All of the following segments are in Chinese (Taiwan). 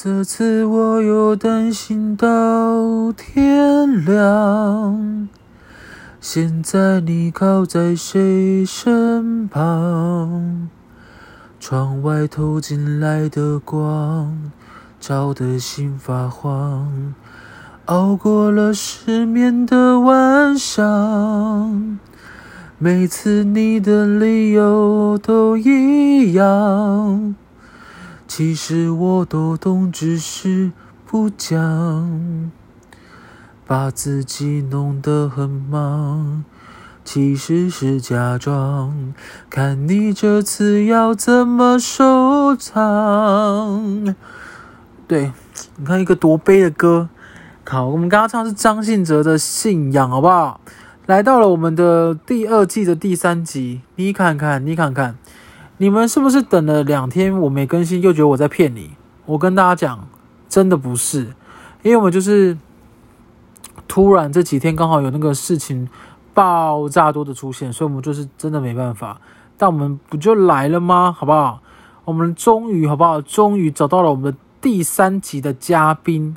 這次我又擔心到天亮。現在你靠在誰身旁？窗外透進來的光，照得心發慌。熬過了失眠的晚上，每次你的理由都一樣。其實我都懂，只是不講，把自己弄得很忙，其實是假裝。看你這次要怎麼收場？對，你看一個多悲的歌。好，我們剛剛唱的是張信哲的《信仰》，好不好？來到了我們的第二季的第三集，你看看，你看看。你們是不是等了兩天？我沒更新，又覺得我在騙你？我跟大家講，真的不是，因為我們就是突然這幾天剛好有那個事情爆炸多的出現，所以我們就是真的沒辦法。但我們不就來了嗎？好不好？我們終於好不好？終於找到了我們的第三集的嘉賓。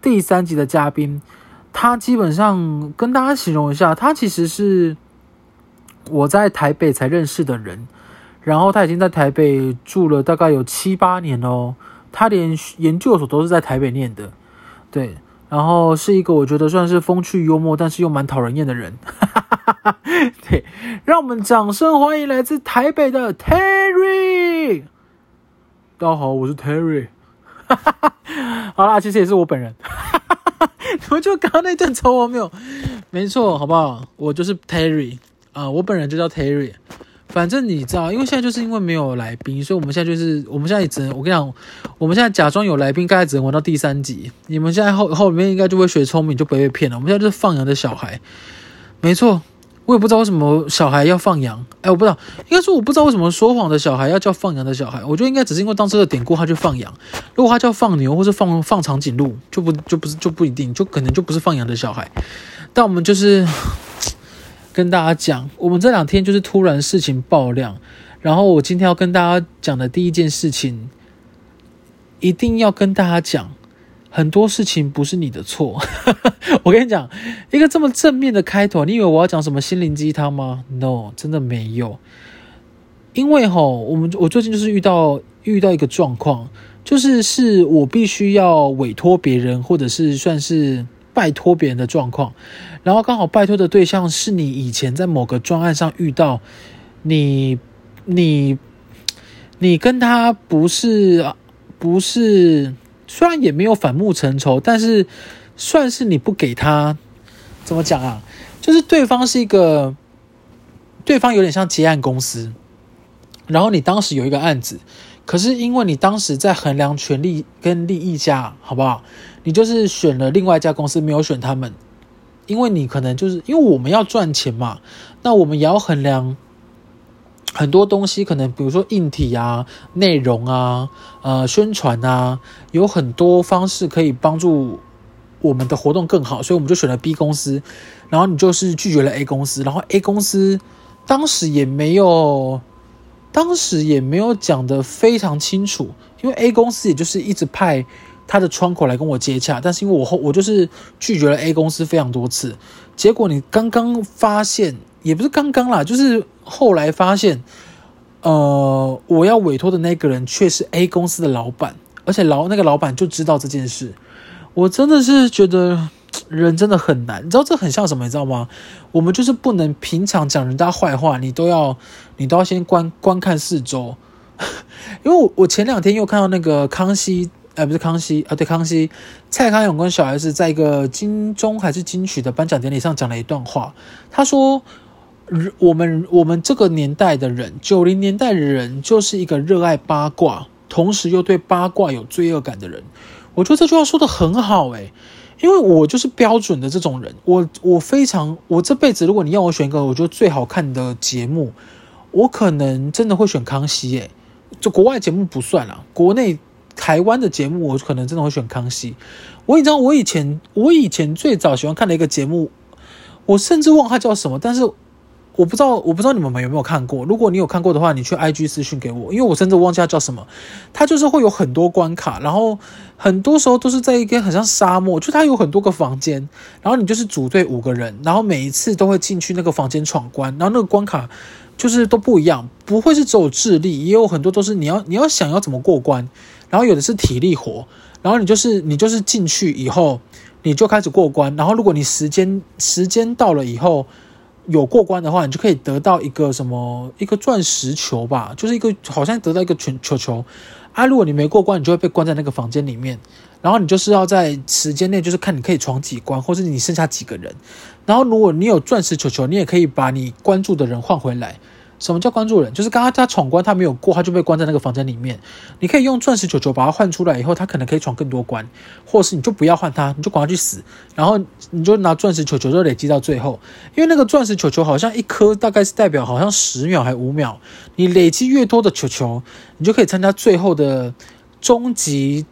第三集的嘉賓，他基本上跟大家形容一下，他其實是我在台北才認識的人。然後他已經在台北住了大概有七八年哦，他連研究所都是在台北念的，對，然後是一個我覺得算是風趣幽默，但是又蠻討人厭的人，哈哈哈哈對，讓我們掌聲歡迎來自台北的 Terry。大家好，我是 Terry，哈哈哈哈好啦，其實也是我本人，哈哈哈哈你們就剛剛那頓抽我沒有？沒錯，好不好？我就是 Terry 啊、呃，我本人就叫 Terry。反正你知道，因為現在就是因為沒有來賓，所以我們現在就是，我們現在也只能我跟你講，我們現在假裝有來賓，大概只能玩到第三集。你們現在後後面應該就會學聰明，就不會被騙了。我們現在就是放羊的小孩，沒錯，我也不知道為什麼小孩要放羊。哎，我不知道，應該說我不知道為什麼說謊的小孩要叫放羊的小孩。我覺得應該只是因為當時的典故，他就放羊。如果他叫放牛，或是放放長頸鹿，就不就不是就不一定，就可能就不是放羊的小孩。但我們就是。跟大家講，我們這兩天就是突然事情爆量，然後我今天要跟大家講的第一件事情，一定要跟大家講，很多事情不是你的錯。 我跟你講，一個這麼正面的開頭，你以為我要講什麼心靈雞湯嗎？No，真的沒有。因為吼，我們我最近就是遇到遇到一個狀況，就是是我必須要委托別人，或者是算是拜托別人的狀況。然後剛好拜托的對象是你以前在某個專案上遇到你，你你你跟他不是不是，雖然也沒有反目成仇，但是算是你不給他怎麼講啊？就是對方是一個對方有點像接案公司，然後你當時有一個案子，可是因為你當時在衡量權利跟利益加好不好？你就是選了另外一家公司，沒有選他們。因為你可能就是因為我們要賺錢嘛，那我們也要衡量很多東西，可能比如說硬體啊、內容啊、呃、宣傳啊，有很多方式可以幫助我們的活動更好，所以我們就選了 B 公司，然後你就是拒絕了 A 公司，然後 A 公司當時也沒有，當時也沒有講得非常清楚，因為 A 公司也就是一直派。他的窗口來跟我接洽，但是因為我後，我就是拒絕了 A 公司非常多次，結果你剛剛發現也不是剛剛啦，就是後來發現，呃，我要委托的那個人卻是 A 公司的老闆，而且老那個老闆就知道這件事，我真的是覺得人真的很難，你知道這很像什麼？你知道嗎？我們就是不能平常講人家壞話，你都要你都要先觀觀看四周， 因為我我前兩天又看到那個康熙。哎，不是康熙啊，對，對康熙，蔡康永跟小 S 在一個金鐘還是金曲的頒獎典禮上講了一段話。他說：“我們我們這個年代的人，九零年代的人，就是一個熱愛八卦，同時又對八卦有罪惡感的人。”我覺得這句話說得很好誒、欸，因為我就是標準的這種人。我我非常，我這輩子如果你要我選一個我覺得最好看的節目，我可能真的會選康熙哎、欸，就國外節目不算啦，國內。台灣的節目，我可能真的會選《康熙》。我。我你知道，我以前我以前最早喜歡看的一個節目，我甚至忘了它叫什麼，但是我不知道，我不知道你們有沒有看過。如果你有看過的話，你去 IG 私訊給我，因為我甚至忘記它叫什麼。它就是會有很多關卡，然後很多時候都是在一個很像沙漠，就它有很多個房間，然後你就是組隊五個人，然後每一次都會進去那個房間闖關，然後那個關卡就是都不一樣，不會是只有智力，也有很多都是你要你要想要怎麼過關。然後有的是體力活，然後你就是你就是進去以後，你就開始過關。然後如果你時間時間到了以後，有過關的話，你就可以得到一個什麼，一個鑽石球吧，就是一個好像得到一個球球啊。如果你沒過關，你就會被關在那個房間裡面。然後你就是要在時間內，就是看你可以闖幾關，或是你剩下幾個人。然後如果你有鑽石球球，你也可以把你關注的人換回來。什麼叫關注人？就是剛剛他闖關，他沒有過，他就被關在那個房間裡面。你可以用鑽石球球把他換出來，以後他可能可以闖更多關，或是你就不要換他，你就管他去死，然後你就拿鑽石球球，就累積到最後，因為那個鑽石球球好像一顆大概是代表好像十秒還五秒，你累積越多的球球，你就可以參加最後的終極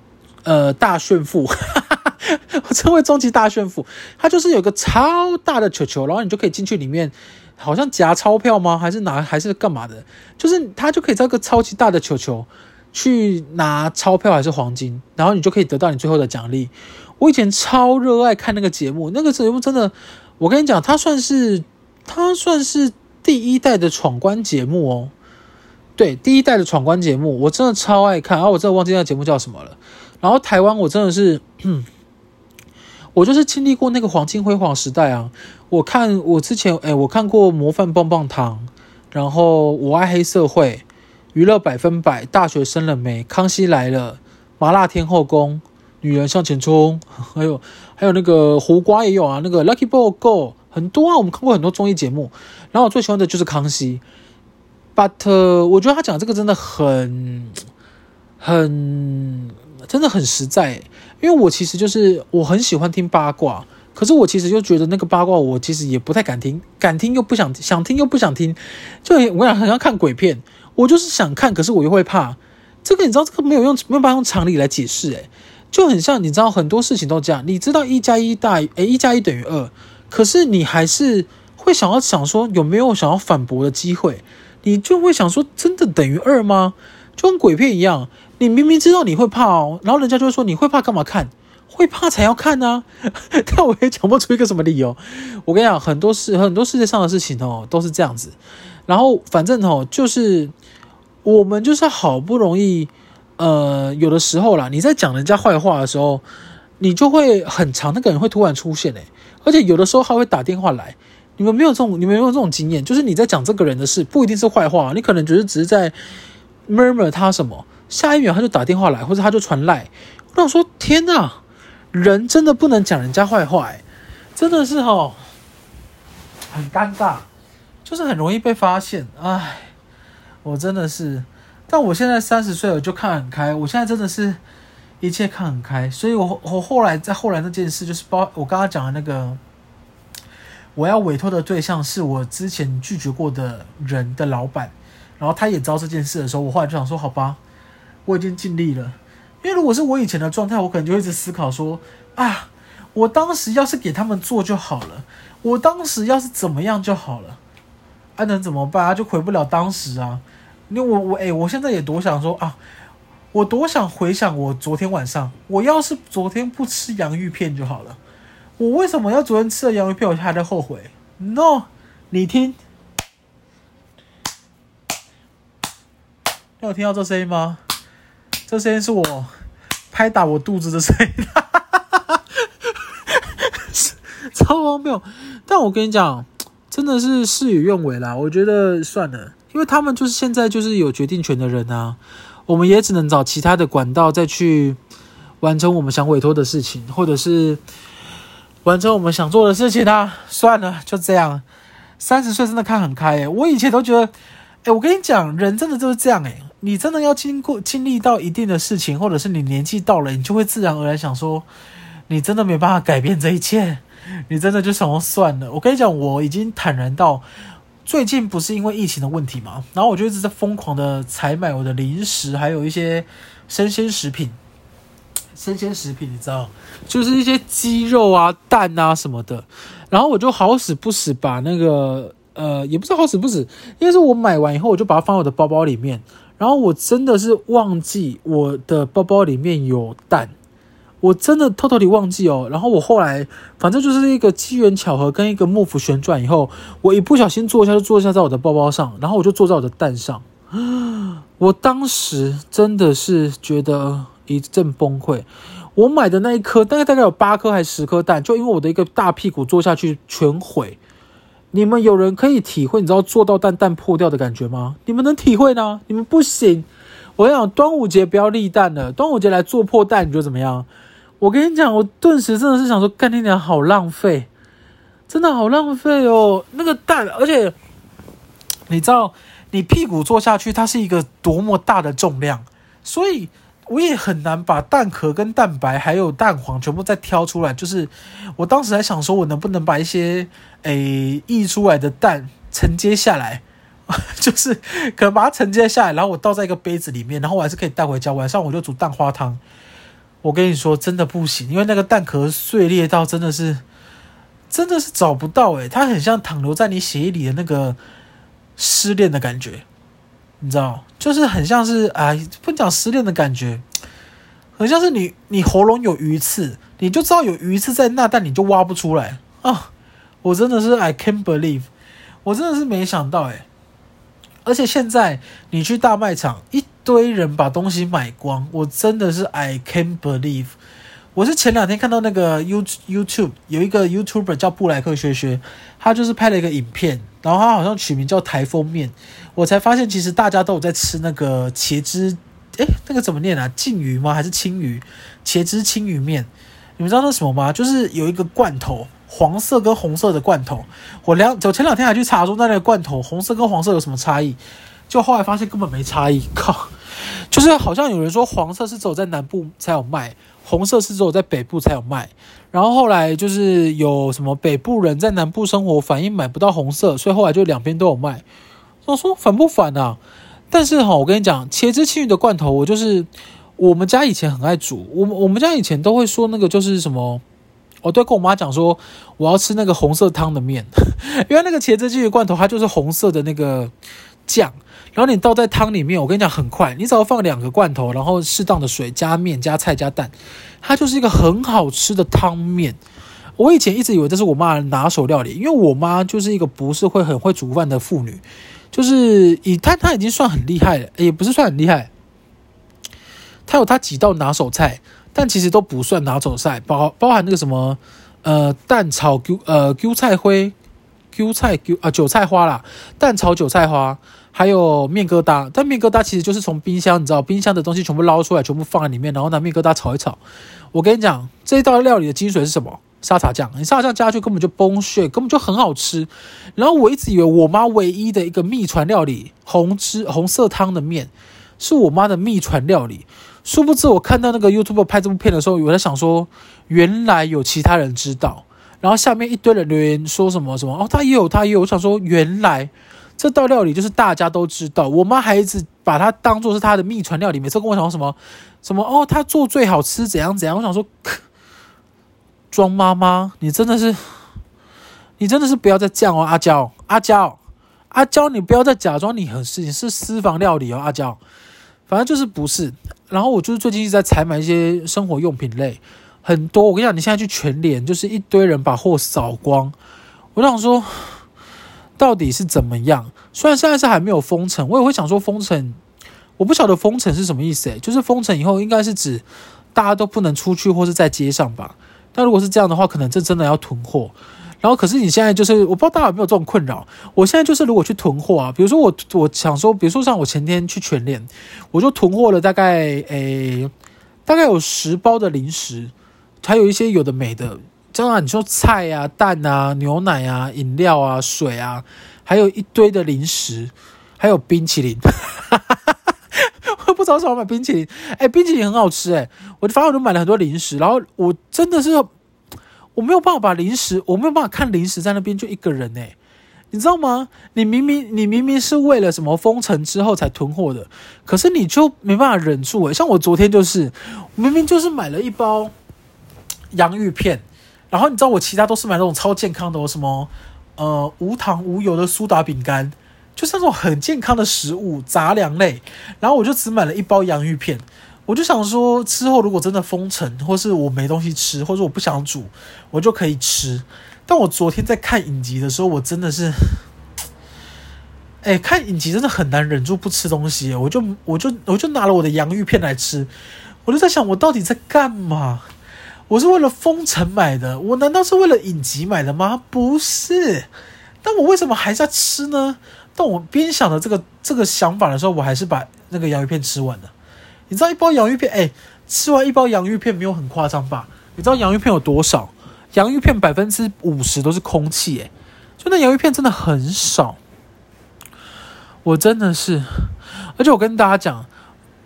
呃大炫富， 我稱為終極大炫富，它就是有一個超大的球球，然後你就可以進去裡面。好像夾鈔票嗎？還是拿還是幹嘛的？就是他就可以造個超級大的球球，去拿鈔票還是黃金，然後你就可以得到你最後的獎勵。我以前超熱愛看那個節目，那個節目真的，我跟你講，他算是他算是第一代的闖關節目哦。對，第一代的闖關節目，我真的超愛看然後，啊，我真的忘記那節目叫什麼了。然後台灣，我真的是。我就是經歷過那個黃金輝煌時代啊！我看我之前，哎、欸，我看過《模範棒棒堂》，然後《我愛黑社會》，《娛樂百分百》，《大學生了沒》，《康熙來了》，《麻辣天後宮》，《女人向前衝》，還有還有那個胡瓜也有啊，那個《Lucky Ball Go》很多啊，我們看過很多綜藝節目。然後我最喜歡的就是《康熙》，But 我覺得他講這個真的很、很、真的很實在、欸。因為我其實就是我很喜歡聽八卦，可是我其實就覺得那個八卦我其實也不太敢聽，敢聽又不想，想聽又不想聽，就我想很想看鬼片，我就是想看，可是我又會怕。這個你知道，這個沒有用，沒有辦法用常理來解釋。誒，就很像你知道很多事情都這樣，你知道一加一大於誒，一加一等於二，可是你還是會想要想說有沒有想要反駁的機會，你就會想說真的等於二嗎？就跟鬼片一樣。你明明知道你會怕哦，然後人家就會說你會怕幹嘛看？會怕才要看呢，啊。 但我也講不出一個什麼理由。我跟你講，很多事，很多世界上的事情哦，都是這樣子。然後反正哦，就是我們就是好不容易，呃，有的時候啦，你在講人家壞話的時候，你就會很常，那個人會突然出現，欸、而且有的時候還會打電話來。你們沒有這種，你們沒有這種經驗，就是你在講這個人的事，不一定是壞話，你可能只是只是在 murmur 他什麼。下一秒他就打電話來，或者他就傳賴，讓我想說天哪、啊，人真的不能講人家壞話、欸，真的是哦。很尷尬，就是很容易被發現，哎，我真的是，但我現在三十歲了，就看很開，我現在真的是，一切看很開，所以我我後來在後來那件事，就是包我剛剛講的那個，我要委託的對象是我之前拒絕過的人的老板，然後他也知道這件事的時候，我後來就想說，好吧。我已經盡力了，因為如果是我以前的狀態，我可能就一直思考說啊，我當時要是給他們做就好了，我當時要是怎麼樣就好了，還、啊、能怎麼辦？啊，就回不了當時啊。因為我我哎、欸，我現在也多想說啊，我多想回想我昨天晚上，我要是昨天不吃洋芋片就好了，我為什麼要昨天吃了洋芋片？我還在後悔。No，你聽，你有聽到這聲音嗎？這聲音是我拍打我肚子的聲音， 超荒謬！但我跟你講，真的是事與願違啦。我覺得算了，因為他們就是現在就是有決定權的人啊，我們也只能找其他的管道再去完成我們想委託的事情，或者是完成我們想做的事情啊。算了，就這樣。三十歲真的看很開哎、欸，我以前都覺得，哎，我跟你講，人真的就是這樣哎、欸。你真的要經過經歷到一定的事情，或者是你年紀到了，你就會自然而然想說，你真的沒辦法改變這一切，你真的就想要算了。我跟你講，我已經坦然到最近不是因為疫情的問題嘛，然後我就一直在瘋狂的採買我的零食，還有一些生鮮食品，生鮮食品你知道，就是一些雞肉啊、蛋啊什麼的。然後我就好死不死把那個呃，也不是好死不死，因為是我買完以後，我就把它放在我的包包裡面。然後我真的是忘記我的包包裡面有蛋，我真的偷偷地忘記哦。然後我後來反正就是一個機緣巧合跟一個幕府旋轉以後，我一不小心坐下，就坐下在我的包包上，然後我就坐在我的蛋上。我當時真的是覺得一陣崩潰。我買的那一顆大概，大概有八顆還是十顆蛋，就因為我的一個大屁股坐下去全毀。你們有人可以體會，你知道坐到蛋蛋破掉的感覺嗎？你們能體會呢？你們不行。我跟你講端午節不要立蛋了，端午節來做破蛋，你覺得怎麼樣？我跟你講，我頓時真的是想說，幹你娘，好浪費，真的好浪費哦。那個蛋，而且你知道，你屁股坐下去，它是一個多麼大的重量，所以。我也很難把蛋殼、跟蛋白，還有蛋黃全部再挑出來。就是我當時還想說，我能不能把一些誒、欸、溢出來的蛋承接下來，就是可能把它承接下來，然後我倒在一個杯子裡面，然後我還是可以帶回家。晚上我就煮蛋花湯。我跟你說，真的不行，因為那個蛋殼碎裂到真的是，真的是找不到誒、欸，它很像躺留在你血液裡的那個失戀的感覺。你知道，就是很像是，哎、啊，不講失戀的感覺，很像是你，你喉嚨有魚刺，你就知道有魚刺在那，但你就挖不出來啊、哦！我真的是 I can't believe，我真的是沒想到哎、欸！而且現在你去大賣場，一堆人把東西買光，我真的是 I can't believe。我是前兩天看到那個 You YouTube 有一個 YouTuber 叫布萊克學學，他就是拍了一個影片，然後他好像取名叫颱風麵，我才發現其實大家都有在吃那個茄汁，誒，那個怎麼念啊？禁魚嗎？還是青魚？茄汁青魚麵？你們知道那是什麼嗎？就是有一個罐頭，黃色跟紅色的罐頭。我兩，我前兩天還去查說那個罐頭紅色跟黃色有什麼差異，就後來發現根本沒差異。靠，就是好像有人說黃色是走在南部才有賣。紅色是只有在北部才有賣，然後後來就是有什麼北部人在南部生活，反映買不到紅色，所以後來就兩邊都有賣。我說煩不煩啊？但是哈、哦，我跟你講，茄汁鯖魚的罐頭，我就是我們家以前很愛煮，我們我們家以前都會說那個就是什麼，我都跟我媽講說我要吃那個紅色湯的麵，呵呵，因為那個茄汁鯖魚罐頭它就是紅色的那個醬。然後你倒在湯裡面，我跟你講，很快，你只要放兩個罐頭，然後適當的水加麵加菜加蛋，它就是一個很好吃的湯麵。我以前一直以為這是我媽拿手料理，因為我媽就是一個不是會很會煮飯的婦女，就是以她，她已經算很厲害了，也不是算很厲害。她有她幾道拿手菜，但其實都不算拿手菜，包包含那個什麼呃蛋炒呃韭菜灰，韭菜韭，啊韭菜花啦，蛋炒韭菜花。還有麵疙瘩，但麵疙瘩其實就是從冰箱，你知道，冰箱的東西全部撈出來，全部放在裡面，然後拿麵疙瘩炒一炒。我跟你講，這一道料理的精髓是什麼？沙茶醬，你沙茶醬加去根本就崩血，根本就很好吃。然後我一直以為我媽唯一的一個秘傳料理，紅汁紅色湯的麵，是我媽的秘傳料理。殊不知，我看到那個 YouTuber 拍這部片的時候，我在想說，原來有其他人知道。然後下面一堆人留言說什麼什麼哦，他也有他也有。我想說，原來。這道料理就是大家都知道，我媽還一直把它當做是她的秘傳料理，每次跟我講什麼，什麼哦，她做最好吃怎樣怎樣，我想說，莊媽媽，你真的是，你真的是不要再這樣哦，阿嬌，阿嬌，阿嬌，你不要再假裝你很適應是私房料理哦，阿嬌，反正就是不是。然後我就是最近一直在採買一些生活用品類，很多，我跟你講，你現在去全聯，就是一堆人把貨掃光，我就想說。到底是怎麼樣？雖然現在是還沒有封城，我也會想說封城，我不曉得封城是什麼意思，欸、就是封城以後應該是指大家都不能出去或是在街上吧。但如果是這樣的話，可能這真的要囤貨。然後可是你現在就是，我不知道大家有沒有這種困擾。我現在就是如果去囤貨啊，比如說我，我想說，比如說像我前天去全聯，我就囤貨了大概誒、欸、大概有十包的零食，還有一些有的沒的。真的，你說菜啊、蛋啊、牛奶啊、飲料啊、水啊，還有一堆的零食，還有冰淇淋。哈哈哈，我不知道為什麼買冰淇淋，哎、欸，冰淇淋很好吃、欸，哎，我就反正我就買了很多零食，然後我真的是我沒有辦法把零食，我沒有辦法看零食在那邊就一個人、欸，哎，你知道嗎？你明明你明明是為了什麼封城之後才囤貨的，可是你就沒辦法忍住、欸，哎，像我昨天就是，明明就是買了一包洋芋片。然後你知道我其他都是買那種超健康的、哦，什麼呃無糖無油的蘇打餅乾，就是那種很健康的食物，雜糧類。然後我就只買了一包洋芋片，我就想說之後如果真的封城，或是我沒東西吃，或是我不想煮，我就可以吃。但我昨天在看影集的時候，我真的是，哎，看影集真的很難忍住不吃東西，我就我就我就拿了我的洋芋片來吃，我就在想我到底在幹嘛？我是為了封城買的，我難道是為了影集買的嗎？不是，但我為什麼還在吃呢？但我邊想着這個這個想法的時候，我還是把那個洋芋片吃完了。你知道一包洋芋片，哎、欸，吃完一包洋芋片沒有很誇張吧？你知道洋芋片有多少？洋芋片百分之五十都是空氣，哎，就那洋芋片真的很少。我真的是，而且我跟大家講。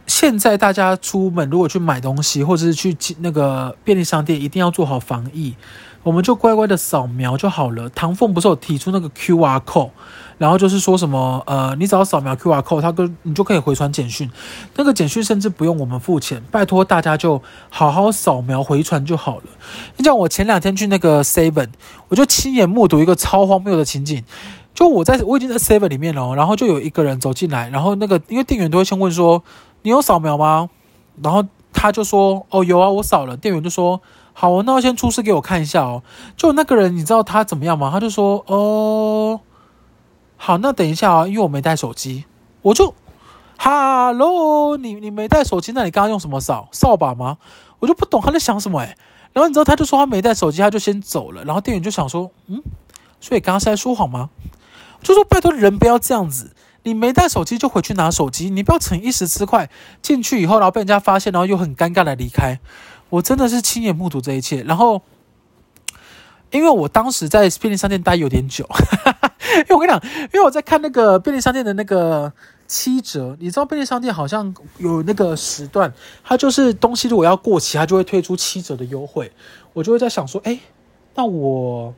現在大家出門如果去買東西，或者是去那個便利商店，一定要做好防疫。我們就乖乖的掃描就好了。唐鳳不是有提出那個 QR code，然後就是說什麼呃，你只要掃描 QR code，他跟你就可以回傳簡訊。那個簡訊甚至不用我們付錢，拜託大家就好好掃描回傳就好了。你像我前兩天去那個 Seven，我就親眼目睹一個超荒謬的情景。就我在我已經在 Seven 裡面了，然後就有一個人走進來，然後那個因為店員都會先問說。你有掃描嗎？然後他就說：“哦，有啊，我掃了。”店員就說：“好啊，那我先出示給我看一下哦。”就那個人，你知道他怎麼樣嗎？他就說：“哦，好，那等一下啊、哦，因為我沒帶手機。”我就：“哈嘍，你你沒帶手機？那你剛剛用什麼掃？掃把嗎？”我就不懂他在想什麼哎。然後你知道他就說他沒帶手機，他就先走了。然後店員就想說：“嗯，所以剛剛是在說謊嗎？”就說：“拜托人，人不要這樣子。”你沒帶手機就回去拿手機，你不要逞一時之快。進去以後，然後被人家發現，然後又很尷尬的離開。我真的是親眼目睹這一切。然後，因為我當時在便利商店待有點久哈哈，因為我跟你講，因為我在看那個便利商店的那個七折。你知道便利商店好像有那個時段，它就是東西如果要過期，它就會推出七折的優惠。我就會在想說，誒，那我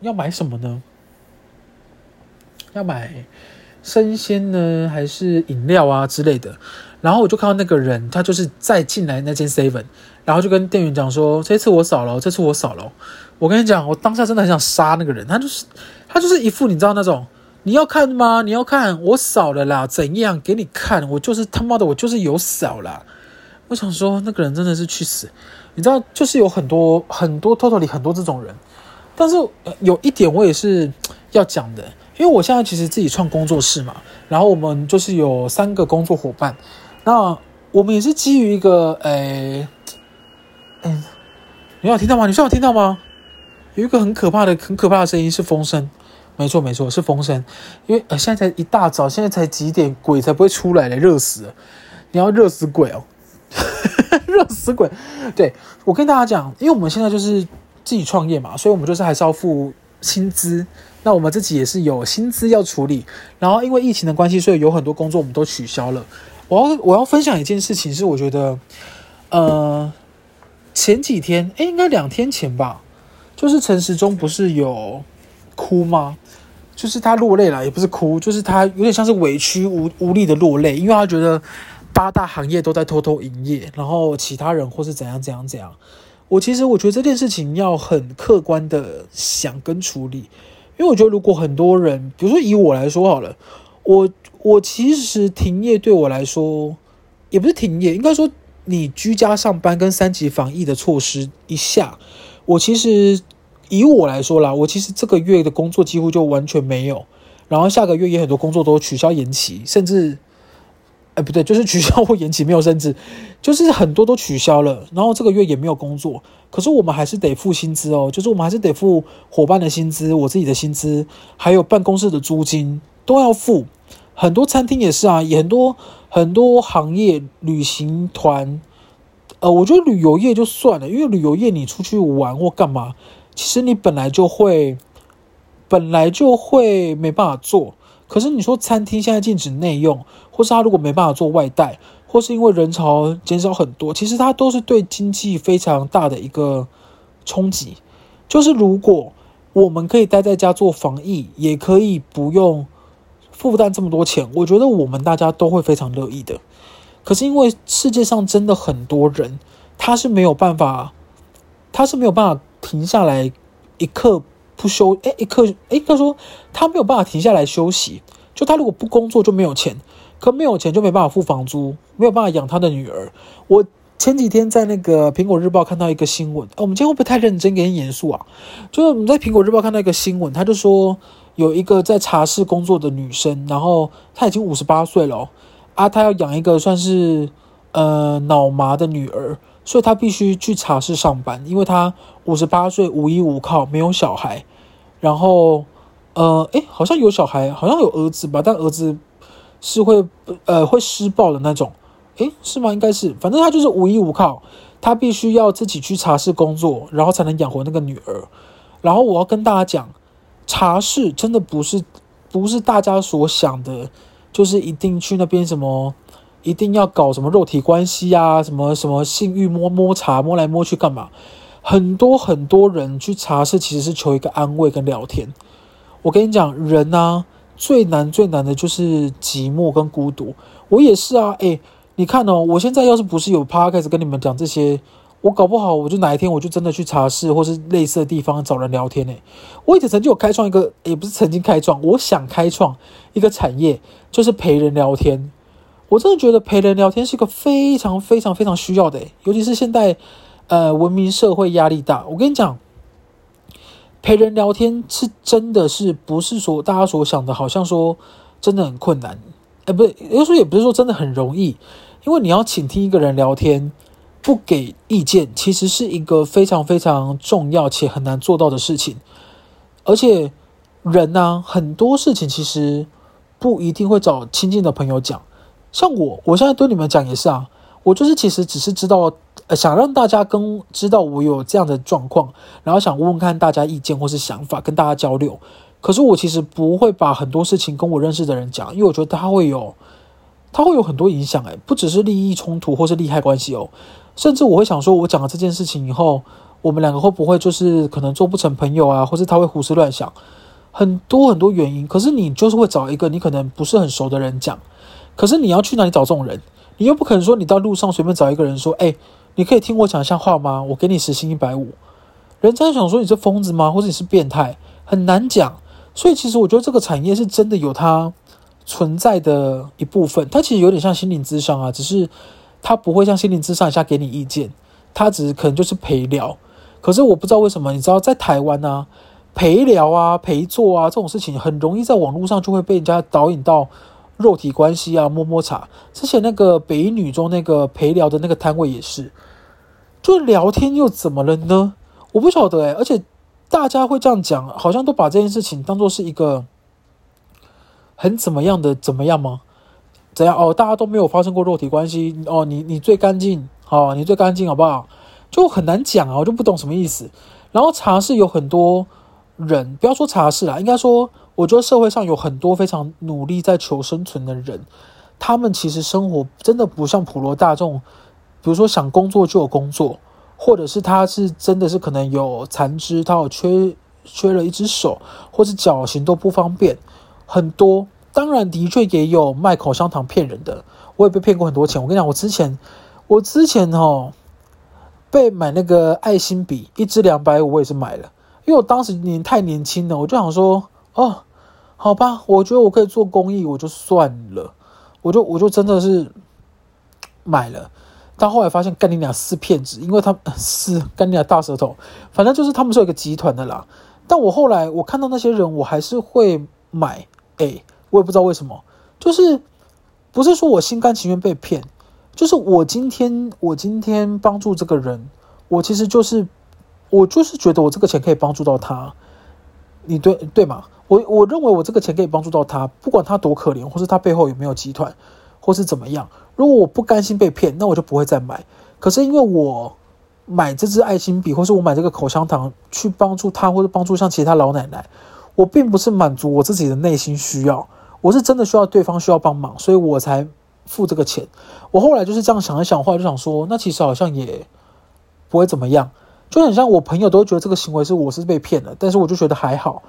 要買什麼呢？要買？生鮮呢，還是飲料啊之類的？然後我就看到那個人，他就是再進來那間 Seven，然後就跟店員講說：“這次我掃了，這次我掃了。”我跟你講，我當下真的很想殺那個人。他就是，他就是一副你知道那種，你要看嗎？你要看，我掃了啦，怎樣給你看？我就是他媽的，我就是有掃啦。我想說，那個人真的是去死。你知道，就是有很多很多 totally 很多這種人，但是，呃，有一點我也是要講的。因為我現在其實自己創工作室嘛，然後我們就是有三個工作夥伴，那我們也是基於一個，誒、哎，誒、哎，你有聽到嗎？你算有聽到嗎？有一個很可怕的、很可怕的聲音是風聲，沒錯沒錯是風聲，因為、呃、現在才一大早，現在才幾點？鬼才不會出來嘞，熱死了，你要熱死鬼哦， 熱死鬼！對，我跟大家講，因為我們現在就是自己創業嘛，所以我們就是還是要付。薪資，那我們自己也是有薪資要處理。然後因為疫情的關係，所以有很多工作我們都取消了。我要我要分享一件事情，是我覺得，呃，前幾天，誒、欸，應該兩天前吧，就是陳時中不是有哭嗎？就是他落淚了，也不是哭，就是他有點像是委屈無無力的落淚，因為他覺得八大行業都在偷偷營業，然後其他人或是怎樣怎樣怎樣。我其實我覺得這件事情要很客觀的想跟處理，因為我覺得如果很多人，比如說以我來說好了，我我其實停業對我來說也不是停業，應該說你居家上班跟三級防疫的措施一下，我其實以我來說啦，我其實這個月的工作幾乎就完全沒有，然後下個月也很多工作都取消延期，甚至。哎，不對，就是取消或延期沒有薪資，就是很多都取消了，然後這個月也沒有工作，可是我們還是得付薪資哦，就是我們還是得付伙伴的薪資，我自己的薪資，還有辦公室的租金都要付。很多餐廳也是啊，也很多很多行業，旅行團，呃，我覺得旅遊業就算了，因為旅遊業你出去玩或幹嘛，其實你本來就會，本來就會沒辦法做。可是你說餐廳現在禁止內用，或是他如果沒辦法做外帶，或是因為人潮減少很多，其實它都是對經濟非常大的一個衝擊。就是如果我們可以待在家做防疫，也可以不用負擔這麼多錢，我覺得我們大家都會非常樂意的。可是因為世界上真的很多人，他是沒有辦法，他是沒有辦法停下來一刻。不休，哎、欸，一刻，哎、欸，他說他沒有辦法停下來休息，就他如果不工作就沒有錢，可沒有錢就沒辦法付房租，沒有辦法養他的女兒。我前幾天在那個蘋果日報看到一個新聞，啊，我們今天會不會太認真，給你嚴肅啊？就是我們在蘋果日報看到一個新聞，他就說有一個在茶室工作的女生，然後她已經五十八歲了，啊，她要養一個算是呃腦麻的女兒。所以他必須去茶室上班，因為他五十八歲，無依無靠，沒有小孩。然後，呃，欸，好像有小孩，好像有兒子吧，但兒子是會，呃，會施暴的那種。欸，是嗎？應該是，反正他就是無依無靠，他必須要自己去茶室工作，然後才能養活那個女兒。然後我要跟大家講，茶室真的不是，不是大家所想的，就是一定去那邊什麼。一定要搞什麼肉體關係啊，什麼什麼性慾摸摸茶摸來摸去幹嘛？很多很多人去茶室其實是求一個安慰跟聊天。我跟你講，人啊最難最難的就是寂寞跟孤獨。我也是啊，哎、欸，你看哦，我現在要是不是有 podcast 跟你們講這些，我搞不好我就哪一天我就真的去茶室或是類似的地方找人聊天、欸。哎，我一直曾經有開創一個，也、欸、不是曾經開創，我想開創一個產業，就是陪人聊天。我真的覺得陪人聊天是一個非常非常非常需要的、欸，尤其是現代，呃，文明社會壓力大。我跟你講，陪人聊天是真的是不是說大家所想的，好像說真的很困難？呃、欸，不是，有也不是說真的很容易，因為你要傾聽一個人聊天，不給意見，其實是一個非常非常重要且很難做到的事情。而且，人呢、啊，很多事情其實不一定會找親近的朋友講。像我，我現在對你們講也是啊。我就是其實只是知道，呃，想讓大家跟知道我有這樣的狀況，然後想問問看大家意見或是想法，跟大家交流。可是我其實不會把很多事情跟我認識的人講，因為我覺得他會有，他會有很多影響。哎，不只是利益衝突或是利害關係哦，甚至我會想說，我講了這件事情以後，我們兩個會不會就是可能做不成朋友啊？或是他會胡思亂想，很多很多原因。可是你就是會找一個你可能不是很熟的人講。可是你要去哪裡找這種人？你又不可能說你到路上隨便找一個人說：“哎、欸，你可以聽我講一下話嗎？我給你時薪一百五。”人家想說你是瘋子嗎？或者你是變態？很難講。所以其實我覺得這個產業是真的有它存在的一部分。它其實有點像心靈諮商啊，只是它不會像心靈諮商一下給你意見，它只是可能就是陪聊。可是我不知道為什麼，你知道在台灣啊，陪聊啊、陪坐啊這種事情很容易在網絡上就會被人家導引到，肉體關係啊，摸摸茶，之前那個北一女中那個陪聊的那個攤位也是，就聊天又怎麼了呢？我不曉得誒、欸，而且大家會這樣講，好像都把這件事情當做是一個很怎麼樣的怎麼樣嗎？怎樣哦？大家都沒有發生過肉體關係哦，你你最乾淨哦，你最乾淨好不好？就很難講啊，我就不懂什麼意思。然後茶室有很多人，不要說茶室啦，應該說。我覺得社會上有很多非常努力在求生存的人，他們其實生活真的不像普羅大眾。比如說，想工作就有工作，或者是他是真的是可能有殘肢，他有缺缺了一隻手，或者腳行動不方便，很多。當然，的確也有賣口香糖騙人的，我也被騙過很多錢。我跟你講，我之前我之前吼、哦、被買那個愛心筆，一支兩百五，我也是買了，因為我當時年太年輕了，我就想說。哦，好吧，我覺得我可以做公益，我就算了，我就我就真的是買了，但後來發現幹你娘死騙子，因為他們是幹你娘大舌頭，反正就是他們是有一個集團的啦。但我後來我看到那些人，我還是會買，哎、欸，我也不知道為什麼，就是不是說我心甘情願被騙，就是我今天我今天幫助這個人，我其實就是我就是覺得我這個錢可以幫助到他，你對對嗎？我我認為我這個錢可以幫助到他，不管他多可憐，或是他背後有沒有集團，或是怎麼樣。如果我不甘心被騙，那我就不會再買。可是因為我買這支愛心筆，或是我買這個口香糖去幫助他，或是幫助像其他老奶奶，我並不是滿足我自己的內心需要，我是真的需要對方需要幫忙，所以我才付這個錢。我後來就是這樣想一想，話就想說，那其實好像也不會怎麼樣，就很像我朋友都覺得這個行為是我是被騙了，但是我就覺得還好。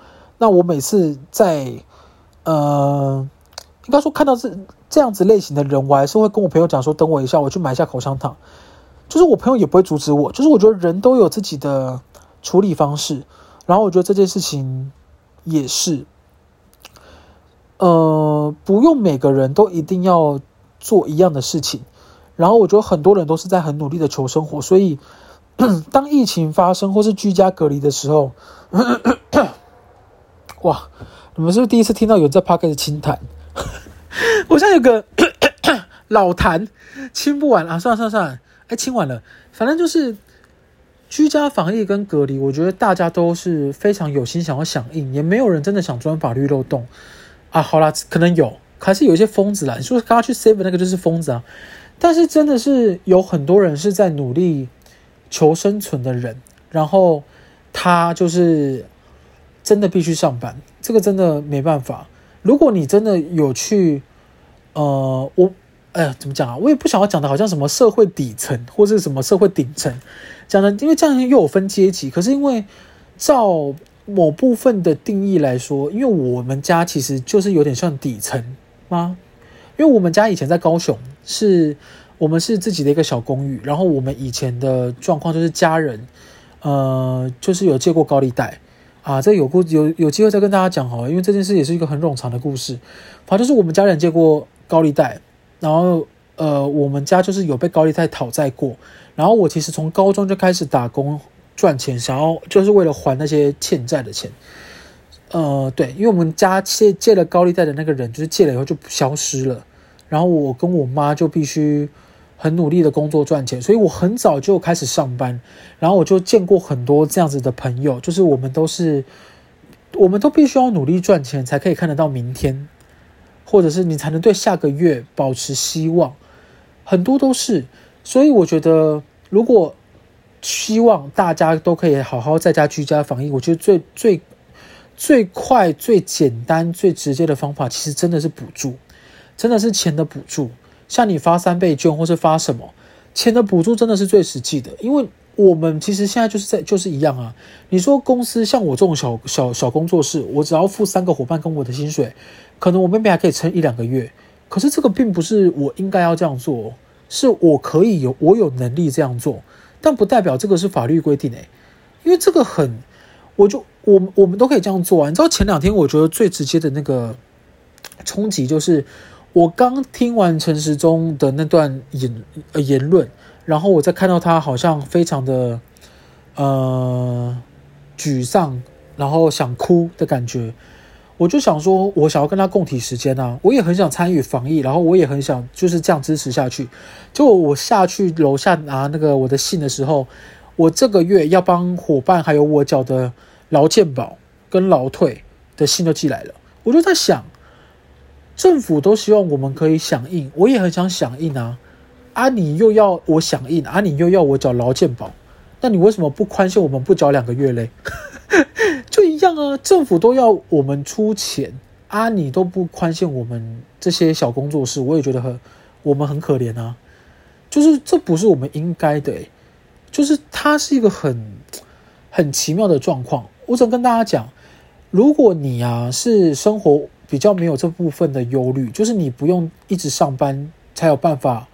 那我每次在，呃，應該說看到這這樣子類型的人，我還是會跟我朋友講說，等我一下，我去買一下口香糖。就是我朋友也不會阻止我。就是我覺得人都有自己的處理方式，然後我覺得這件事情也是，呃，不用每個人都一定要做一樣的事情。然後我覺得很多人都是在很努力的求生活，所以 當疫情發生或是居家隔離的時候。 哇！你們是不是第一次聽到有在趴開、er、的清談？ 我現在有個 老痰清不完啊，算了算了算了，哎，清完了。反正就是居家防疫跟隔離，我覺得大家都是非常有心想要響應，也沒有人真的想鑽法律漏洞啊。好啦，可能有，還是有一些瘋子啦，你說剛剛去 save 那個就是瘋子啊？但是真的是有很多人是在努力求生存的人，然後他就是。真的必須上班，這個真的沒辦法。如果你真的有去，呃，我，哎呀，怎麼講啊？我也不想要講的，好像什麼社會底層或是什麼社會頂層，講的，因為這樣又有分階級。可是因為照某部分的定義來說，因為我們家其實就是有點像底層嗎？因為我們家以前在高雄，是我們是自己的一個小公寓，然後我們以前的狀況就是家人，呃，就是有借過高利貸。啊，這有過有，有機會再跟大家講好了，因為這件事也是一個很冗長的故事。反正就是我們家人借過高利貸，然後呃，我們家就是有被高利貸討債過，然後我其實從高中就開始打工賺錢，想要就是為了還那些欠債的錢。呃，對，因為我們家借借了高利貸的那個人，就是借了以後就消失了，然後我跟我媽就必須。很努力的工作賺錢，所以我很早就開始上班，然後我就見過很多這樣子的朋友，就是我們都是，我們都必須要努力賺錢，才可以看得到明天，或者是你才能對下個月保持希望。很多都是，所以我覺得，如果希望大家都可以好好在家居家防疫，我覺得最最最快、最簡單、最直接的方法，其實真的是補助，真的是錢的補助。像你發三倍券，或是發什麼錢的補助，真的是最實際的。因為我們其實現在就是在就是一樣啊。你說公司像我這種小小小工作室，我只要付三個伙伴跟我的薪水，可能我妹妹還可以撐一兩個月。可是這個並不是我應該要這樣做，是我可以有我有能力這樣做，但不代表這個是法律規定誒、欸。因為這個很，我就我我們都可以這樣做啊。你知道前兩天我覺得最直接的那個衝擊就是。我剛聽完陳時中的那段言、呃、言論，然後我再看到他好像非常的呃沮喪，然後想哭的感覺，我就想說，我想要跟他共體時艱啊，我也很想參與防疫，然後我也很想就是這樣支持下去。就我下去樓下拿那個我的信的時候，我這個月要幫夥伴還有我繳的勞健保跟勞退的信都寄來了，我就在想。政府都希望我們可以響應，我也很想響應啊！啊，你又要我響應，啊，你又要我繳勞健保，那你為什麼不寬限我們不繳兩個月嘞？ 就一樣啊，政府都要我們出錢，啊，你都不寬限我們這些小工作室，我也覺得很，我們很可憐啊！就是這不是我們應該的、欸，就是它是一個很，很奇妙的狀況。我想跟大家講，如果你啊是生活。比較沒有這部分的憂慮，就是你不用一直上班才有辦法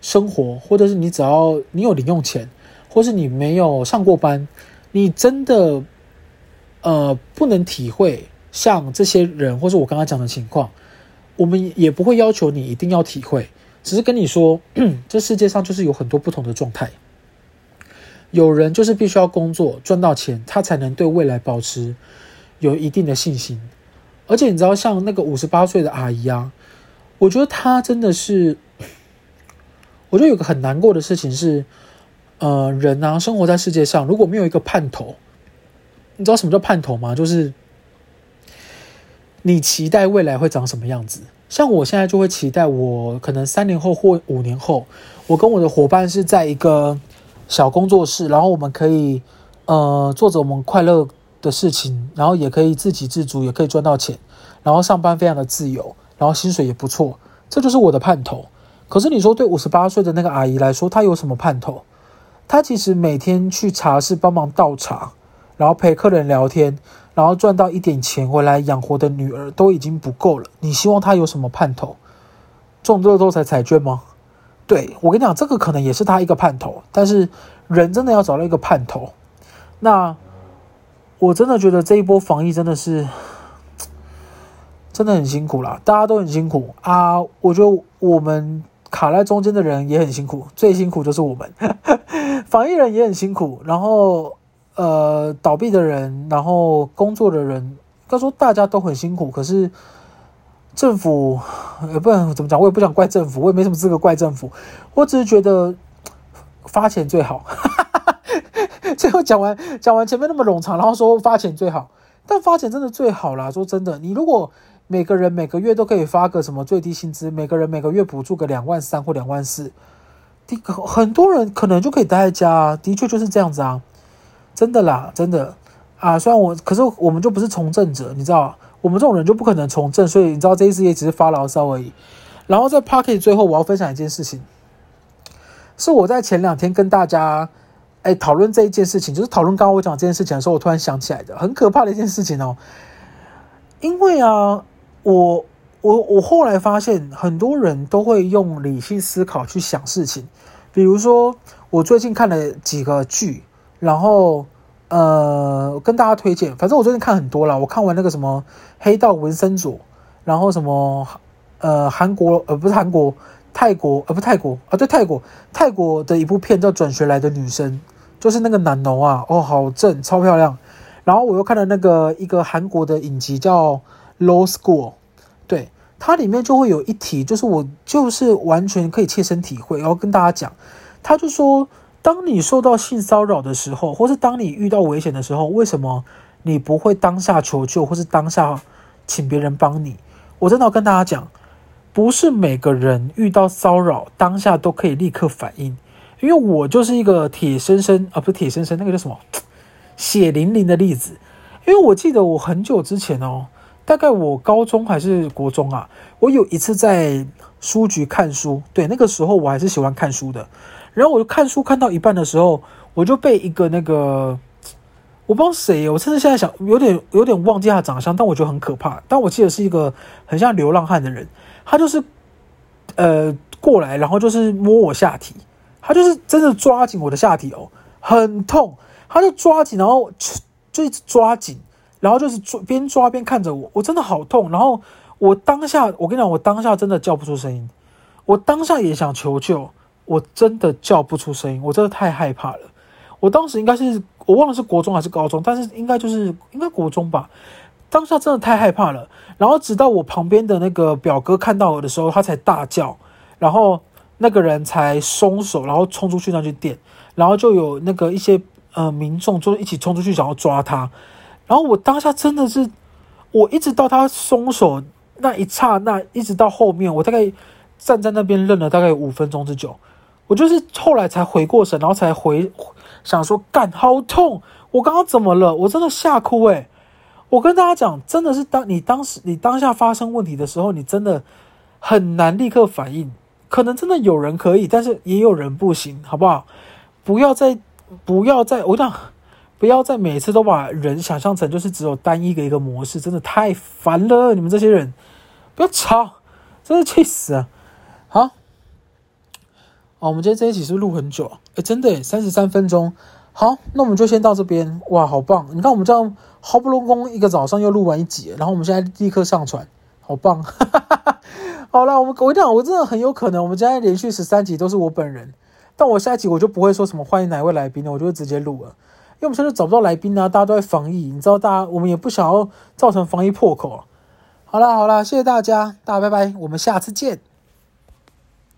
生活，或者是你只要你有零用錢，或是你沒有上過班，你真的呃不能體會像這些人，或是我剛剛講的情況，我們也不會要求你一定要體會，只是跟你說， 這世界上就是有很多不同的狀態，有人就是必須要工作賺到錢，他才能對未來保持有一定的信心。而且你知道，像那個五十八歲的阿姨啊，我覺得她真的是，我覺得有個很難過的事情是，呃，人啊，生活在世界上如果沒有一個盼頭，你知道什麼叫盼頭嗎？就是你期待未來會長什麼樣子。像我現在就會期待，我可能三年後或五年後，我跟我的夥伴是在一個小工作室，然後我們可以，呃，做着我們快樂的事情，然後也可以自給自足，也可以賺到錢，然後上班非常的自由，然後薪水也不錯，這就是我的盼頭。可是你說，對五十八歲的那個阿姨來說，她有什麼盼頭？她其實每天去茶室幫忙倒茶，然後陪客人聊天，然後賺到一點錢回來養活的女兒，都已經不夠了。你希望她有什麼盼頭？中樂透彩彩券嗎？對，我跟你講，這個可能也是她一個盼頭。但是人真的要找到一個盼頭，那。我真的覺得這一波防疫真的是真的很辛苦啦，大家都很辛苦啊！我覺得我們卡在中間的人也很辛苦，最辛苦就是我們 防疫人也很辛苦。然後呃，倒閉的人，然後工作的人，他說大家都很辛苦。可是政府，也、呃、不能怎麼講，我也不想怪政府，我也沒什麼資格怪政府。我只是覺得發錢最好。 最後講完，講完前面那麼冗長，然後說發錢最好，但發錢真的最好啦，說真的，你如果每個人每個月都可以發個什麼最低薪資，每個人每個月補助個兩萬三或兩萬四，很多人可能就可以待在家，啊。的確就是這樣子啊，真的啦，真的啊。雖然我，可是我們就不是從政者，你知道，我們這種人就不可能從政，所以你知道，這一事也只是發牢騷而已。然後在 podcast 最後，我要分享一件事情，是我在前兩天跟大家。哎，討論這一件事情，就是討論剛剛我講這件事情的時候，我突然想起來的很可怕的一件事情哦。因為啊，我我我後來發現很多人都會用理性思考去想事情，比如說我最近看了幾個劇，然後呃，跟大家推薦，反正我最近看很多啦。我看完那個什麼《黑道文森佐》，然後什麼呃韓國，呃不是韓國。泰國啊，不泰國啊，對，泰國，泰國的一部片叫《轉學來的女生》，就是那個男農啊，哦，好正，超漂亮。然後我又看了那個一個韓國的影集叫《Law School》，對，它裡面就會有一題，就是我就是完全可以切身體會，然後跟大家講，他就說，當你受到性騷擾的時候，或是當你遇到危險的時候，為什麼你不會當下求救，或是當下請別人幫你？我真的要跟大家講。不是每個人遇到騷擾當下都可以立刻反應，因為我就是一個鐵生生啊，不是鐵生生，那個叫什麼？血淋淋的例子。因為我記得我很久之前哦，大概我高中還是國中啊，我有一次在書局看書，對，那個時候我還是喜歡看書的。然後我就看書看到一半的時候，我就被一個那個。我不知道誰，我甚至現在想有點有點忘記他長相，但我覺得很可怕。但我記得是一個很像流浪漢的人，他就是呃過來，然後就是摸我下體，他就是真的抓緊我的下體哦，很痛，他就抓緊，然後就，就一直抓緊，然後就是邊抓邊看着我，我真的好痛。然後我當下，我跟你講，我當下真的叫不出聲音，我當下也想求救，我真的叫不出聲音，我真的太害怕了。我當時應該是。我忘了是國中還是高中，但是應該就是應該國中吧。當下真的太害怕了，然後直到我旁邊的那個表哥看到我的時候，他才大叫，然後那個人才鬆手，然後衝出去那家店，然後就有那個一些呃民眾就一起衝出去想要抓他，然後我當下真的是，我一直到他鬆手那一剎那，一直到後面，我大概站在那邊愣了大概有五分鐘之久。我就是後來才回過神，然後才回想說，幹好痛，我剛剛怎麼了？我真的嚇哭誒、欸。我跟大家講，真的是當你當時你當下發生問題的時候，你真的很難立刻反應，可能真的有人可以，但是也有人不行，好不好？不要再不要再我講，不要再每次都把人想象成就是只有單一的一個模式，真的太煩了！你們這些人，不要吵，真的氣死啊！好、啊。哦，我們今天這一集是錄很久，誒、欸、真的，三十三分鐘。好，那我們就先到這邊。哇，好棒！你看，我們這樣毫不隆功，一個早上又錄完一集，然後我們現在立刻上傳，好棒！哈哈哈哈，好啦，我們我跟你講，我真的很有可能，我們今天連續十三集都是我本人。但我下一集我就不會說什麼歡迎哪位來賓了，我就會直接錄了，因為我們現在找不到來賓啊，大家都在防疫，你知道，大家我們也不想要造成防疫破口、啊。好啦好啦，謝謝大家，大家拜拜，我們下次見。